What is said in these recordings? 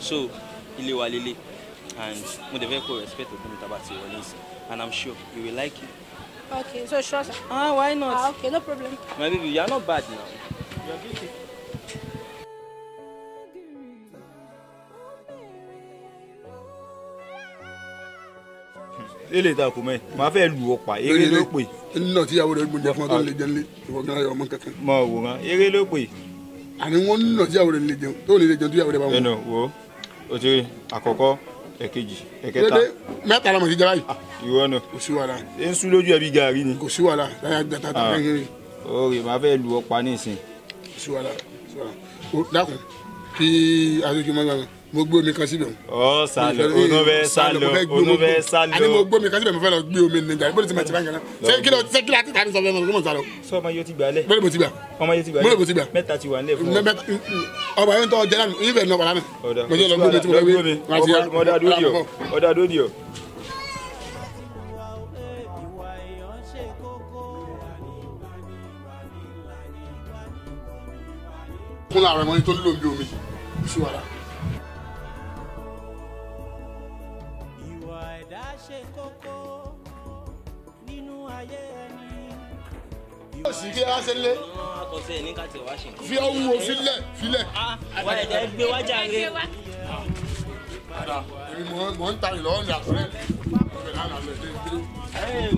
so ilé wa lélẹ̀ and mo dẹ̀ fẹ́ kó respect ògùn mi tàbá ti wọlé ìsìn and i'm sure you will like it. okay so sure sir. ah why not. ah okay no problem. my baby you are not bad now you are beautiful. ele ta ko mẹ ma fẹ́ lu ọpa eré ló pè. ele náà tíyàwó rẹ gbọ́dọ̀ fún ọ tó ah. lè jẹun lé ìwọ gán ayọ ọmọ kankan. mọ wòran eré ló pè. àní wọn náà tíyàwó rẹ lè jẹun tó lè jẹun tíyàwó rẹ bá wọn. ẹ nà wọ o ti rí àkọ́kọ́ ẹ̀kejì ẹ̀kẹta. mẹ́ta la mọ̀ sí jẹ́ báyìí. Ah, ìwọ náà kò sí wàhálà. e ń sún lójú ẹbí gàrí ni. kò sí wàhálà láyà gbàtà tó fẹ́ kéré. oore màá fẹ́ lu ọ̀pá ní ìsìn. kò sí wàhálà kò sí wàhálà. dákun kí adójú mọ́ gbàgbọ́ mo gbé omi kan síbẹ̀. ọ sálọ onú bẹ sálọ onú bẹ sálọ. àní mo gbé omi kan síbẹ̀ mo fẹ́ lọ gbé omi nìjà bóde tí mo ti ba ń jẹun. ṣé kí ló ṣé kí ló àti tani sọ fẹ́ mo sọ lọ. sọ ma yóò ti gbà lẹ. bóde mo ti gbà. ọmọ yóò ti gbà lẹ bóde mo ti gbà. mẹ́ta ti wà nílẹ̀ fún ọ. ọba yóò tọ́ jẹ́lá mi ibẹ̀ nọ wàlá mi. mo jẹ́ lọ gbé omi tí mo fẹ́ gbé. ọ̀dà dódì ọ̀ ọ̀dà dódì ọ̀. kúnlá rẹ̀ mọ́ ní tó lómi omi ìṣúwàrà. ìyá ṣe kókó nínú ayé ẹni. yóò sì kí ẹ ṣe lé. fi ọwọ́ filẹ̀ filẹ̀. Ah, wà á jẹ́ gbé wájà rẹ. mo ń ta ìlọ́wọ́ ní àkúrẹ́.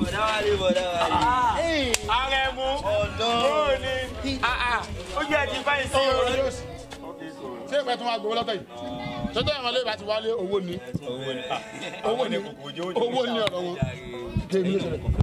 bọ̀dá wa rí bọ̀dá wa rí. Ah, ah. ààrẹ mu bóò ó jẹ́ ti báyìí sí i. ṣé ìpẹ́ tó máa gbowó lọ́tọ̀ yìí tọ́jọ́ àwọn olóyè bá ti wálé owó ni owó ni ọ̀rọ̀ wọn.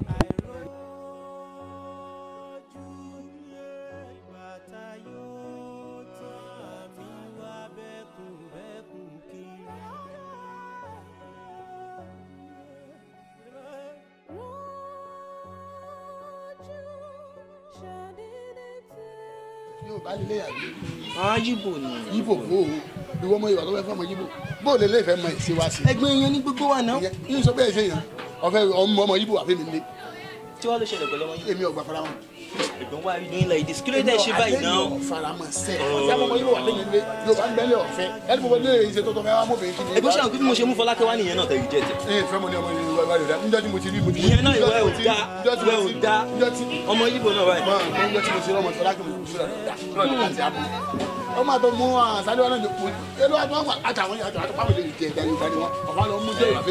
yóò bá lélẹ̀ yàgbé. àwọn yíbò ni. yíbò bò ó ìwọ ọmọ Yorùbá tó fẹ́ fẹ́ ọmọ yíbò bó o lè lè fẹ́ mọ ìṣe wa sí. ẹgbẹ́ yẹn ní gbogbo wa náà. yín sọ bẹ́ẹ̀ ṣe yàn ọmọ ọmọ yíbò àfẹ́mi lé tí wàá ló ṣẹlẹ̀ pẹ̀lú ọmọ yìí. èmi ò gbà fara wa yìí nílẹ̀ ìdí kí ló ṣe báyìí náà. àlejò faramọ́ sẹ́ ẹ̀ ọmọ yìí wà lẹ́yìn ilé yóò ń gbẹ́lẹ̀ ọ̀fẹ́ ẹni gbogbo ilé ìṣe tó tọ́ fẹ́ wá mú bèé kí ni. ẹgbẹ́ sàn kí mo ṣe mú Fọlákẹ́ nìyẹn náà tẹ̀. yìí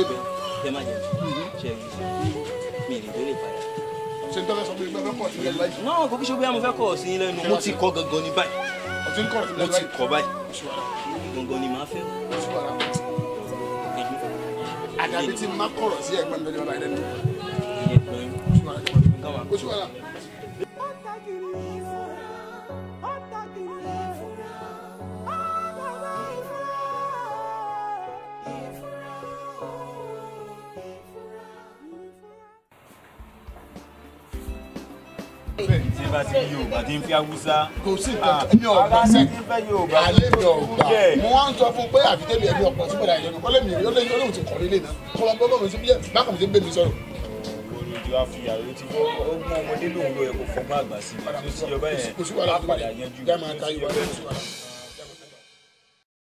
wá rẹ̀ ẹ mi ì lè délé padà. ṣé n tọ́ fẹ́ sọ pé ìgbà fẹ́ kọ̀ sí ilé láì. náà kò kí ṣe ti kọ́ gangan ní báyìí. mo ti kọ́ gangan ní báyìí. mo ti kọ́ báyìí. tí bá ti yorùbá ti ń fi awúsá. kò sí nǹkan tó ẹni sẹ́ alẹ́ mi mo wá ń sọ fún pé àfitẹ́bi ẹ̀mí ọ̀gbà sípò dáa ìyẹnu kọ́lẹ́mì rẹ̀ olóyún olóhùn ti kọ́ nílé náà kọ́lọ́mọ́ bọ́ọ̀mù sí bíyẹn bákan mi ti ń mi sọ̀rọ̀. olùjọ àfihà ló ti fọ ọgbọ́n ọmọdé lòun ló yẹ kó fọgbọ́n àgbà sí i tó ti yọ bẹ́ẹ̀ á padà yanjú